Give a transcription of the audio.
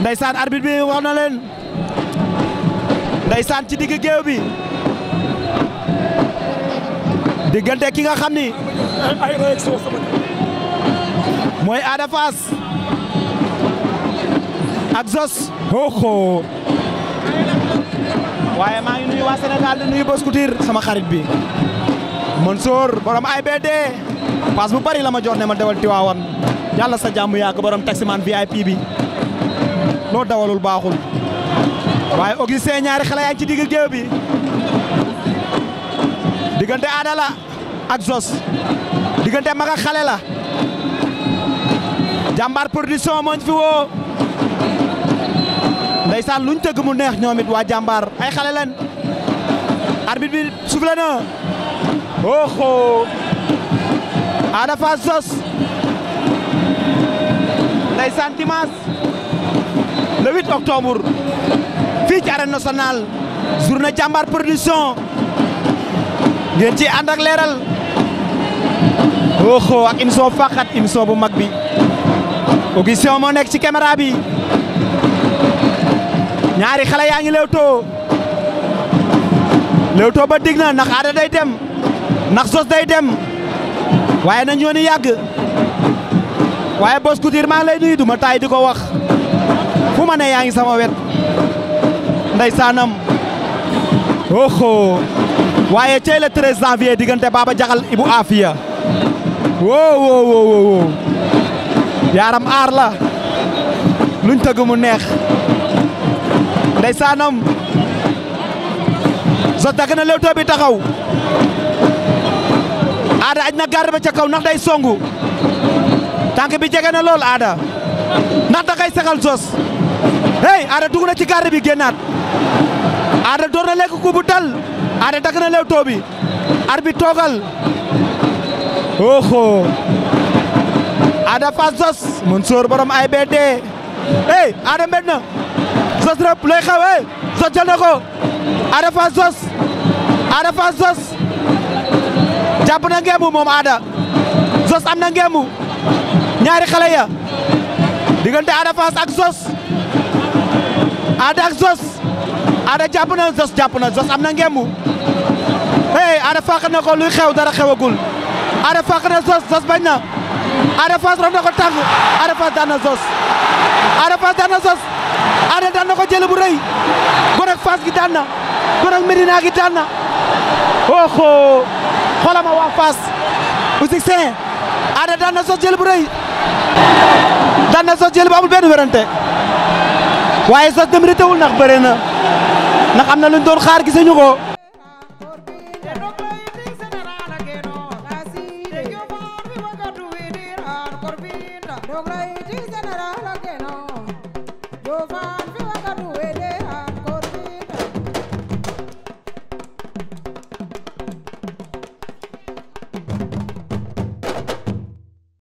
Ndeysaan arbitre bi wax na leen ndeysaan ci digg géew bi diggante ki nga xam ni mooy Ada Fass ak Zoss oho waaye maa ngi nuyu waa Sénégal di nuyu Bos Couture sama xarit bi Mansour borom AIBD paas bu bari la ma jox ne ma dawal Tiwaawan yàlla sa jàmm yaa ko borom taximan VIP bi loo dawalul baaxul waaye Augustin ñaari xale ci digg géew bi diggante Ada la ak Zos diggante mag ak xale la mooñ fi woo ndeysaan luñ tëgg mu neex ñoom it waa jàmbaar ay xale lan arbitre bi soufflé na oho Ada Fass Zos ndeysaan dimanche le 8 fii ci arène nationale journée jàmbaar production ngeen leeral oho ak Inso faqat Inso bu mag bi Augustin moo nekk ci caméra bi ñaari xale yaa ngi lewtoo lewtoo ba dig na ndax aada day dem ndax sos day dem waaye nañ ñoo yàgg waaye Boss Couture maa lay nuyu duma taay di ko wax fu ma ne yaa ngi sama wet ndey saanam waaye tey le 13 janvier diggante Baba Jaxal Ibu Afia woo woo woo woo yaaram aar la luñ tëgg mu neex saanam Zoss dagg na lewtoo bi taxaw aada aj na garde ba ca kaw nax day songu tànk bi jege na lool aada ndax da sexal Zoss hey aada dugg na ci garde bi génnaat aada door na lekk ku bu dal Ada dagg na leewtoo bi arbitre toogal oho Ada Fass Zoss Mansour borom AIBD hey Ada mbed na Zoss rëpp lay xaw hey Zoss jël na ko Ada Fass Zoss Ada Fass Zoss jàpp na ngeemu moom Ada Zoss am na ngeemu ñaari xale ya diggante Ada Fass ak Zoss Ada ak Zoss Ada jàpp na Zoss jàpp na Zoss am na ngeemu hey Ada fàq na ko luy xew dara xewagul Ada fàq na Zoss Zoss bañ na Ada Fass rof na ko tàng Ada Fass daan na Zoss Ada Fass daan na Zoss ko jël bu rëy gon ak Fass gi daan na gon ak Medina gi daan na oho xoolama waa Fass usik sen Ada daan na Zoss rëy daan na Zoss jël bu amul benn werante waaye Zoss dem ritewul ndax bëre na ndax am na luñ doon xaar gisuñu ko dog lay ci général ak geno